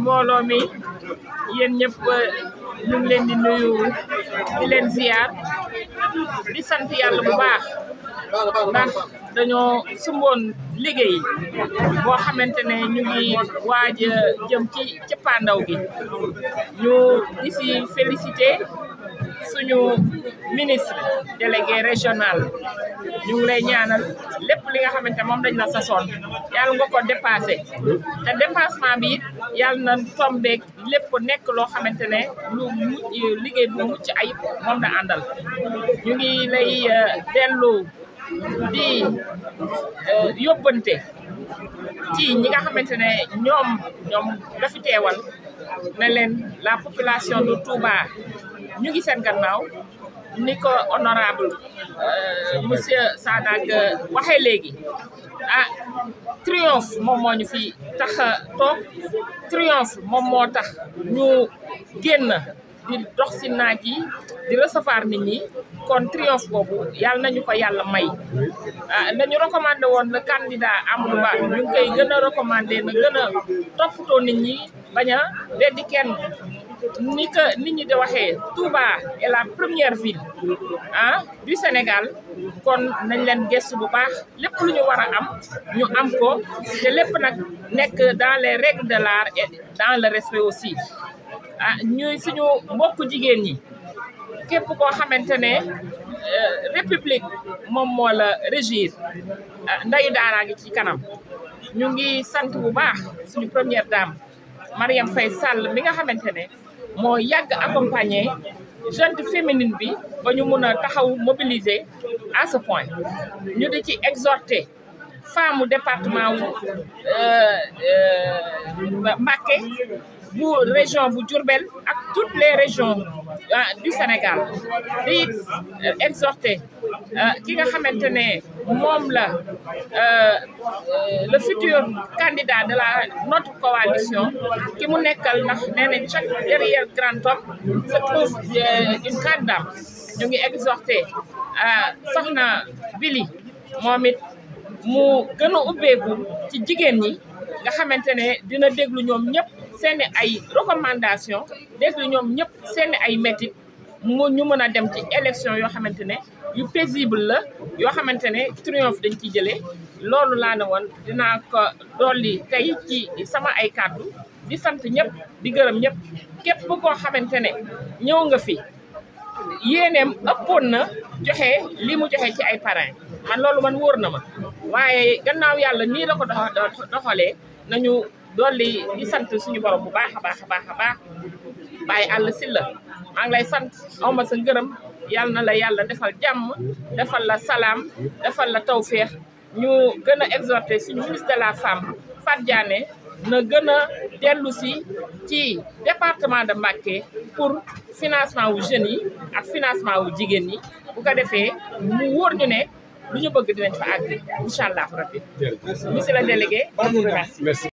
mbooloo mi yéen ñëpp euh, ñu leen di nuyu di leen ziar di sant yàlla bu ndax dañoo sumboon liggéey boo xamante ne ñu ngi waaj jëm ci cëppaandaw gi ñu di si félicité suñu ministre délégué régional ñu ngi lay ñaanal lépp li nga xamante moom dañ la sasoon yàlla nga ko dépasé te dépassement bi it yàlla na tombeek lépp nekk loo xamante ne lu mucc liggéey bu mucc ayib moom la àndal ñu ngi lay euh, dellu di euh, yóbbante ci ñi nga xamante ne ñoom ñoom la fi teewal leen la population de Touba ñu ngi seen gannaaw ni ko honorable euh, monsieur Sadak waxee léegi ah triomphe moom ñu fi tax a toog triomphe moom moo tax ñu génn di dox si naaj yi di recevoir nit ñi kon triomphe boobu yàlla nañu ko yàlla may ah dañu recommandé woon le candidat Amadou Ba ñu koy gën a recommandé na gën a toppatoo nit ñi bañ a weddi kenn ni que nit ñi di waxee Touba et la première ville ah du Sénégal kon nañ leen gëstu bu baax lépp lu ñu war a am ñu am ko te lépp nag nekk dans les règles de l'art et dans le respect aussi ah ñuy suñu mbokk jigéen ñi képp koo xamante ne euh, république moom moo la régir ah, ndeyu daaraa ngi ci kanam ñu ngi sant bu baax suñu première dame Mariam Faye salle bi nga xamante ne moo yàgg accompagner jeune féminine bi ba ñu mun a taxaw mobiliser à ce point ñu di ci femme département wu euh, euh, Mbacké bu région bu Diourbel ak toutes les régions ah, du Sénégal di euh, exhorter ki nga xamante ne moom la le futur candidat de la notre coalition ki mu nekkal ndax nee chaque derrière grand homme se trouve une grande ñu ngi exhorter soxna Bili moom it mu gën a ubbeeku ci jigéen ñi nga xamante ne dina déglu ñoom ñëpp seeni ay recommandation déglu ñoom ñëpp seeni ay métit mu ñu mën a dem ci élection yoo xamante ne yu paisible la yoo xamante ne triomphe dañ ciy jëlee loolu laa ne woon dinaa ko dolli tey ci sama ay kàddu di sant ñëpp di gërëm ñëpp képp ko xamante ne ñëw nga fi yéeneem ëppoon na joxe li mu joxe ci ay parrain man loolu man wóor na ma waaye gannaaw yàlla nii la ko doxalee nañu dolli di sant suñu borom bu baax a baax a baax a baax bàyyi àll si la maa ngi lay sant aw ma sa ngërëm yal na la yàlla defal jàmm defal la salaam defal la tawféex ñu gën a exhorté suñu ministre de la femme Fat Diané na gën a dellu si ci département de Mbacké pour financement wu jeunes yi ak financement wu jigéen ñi bu defee mu wóor ñu ne. lu ñu bëgg dinañ fa àgg incha allah rabbi monsieur délégué on vous remercie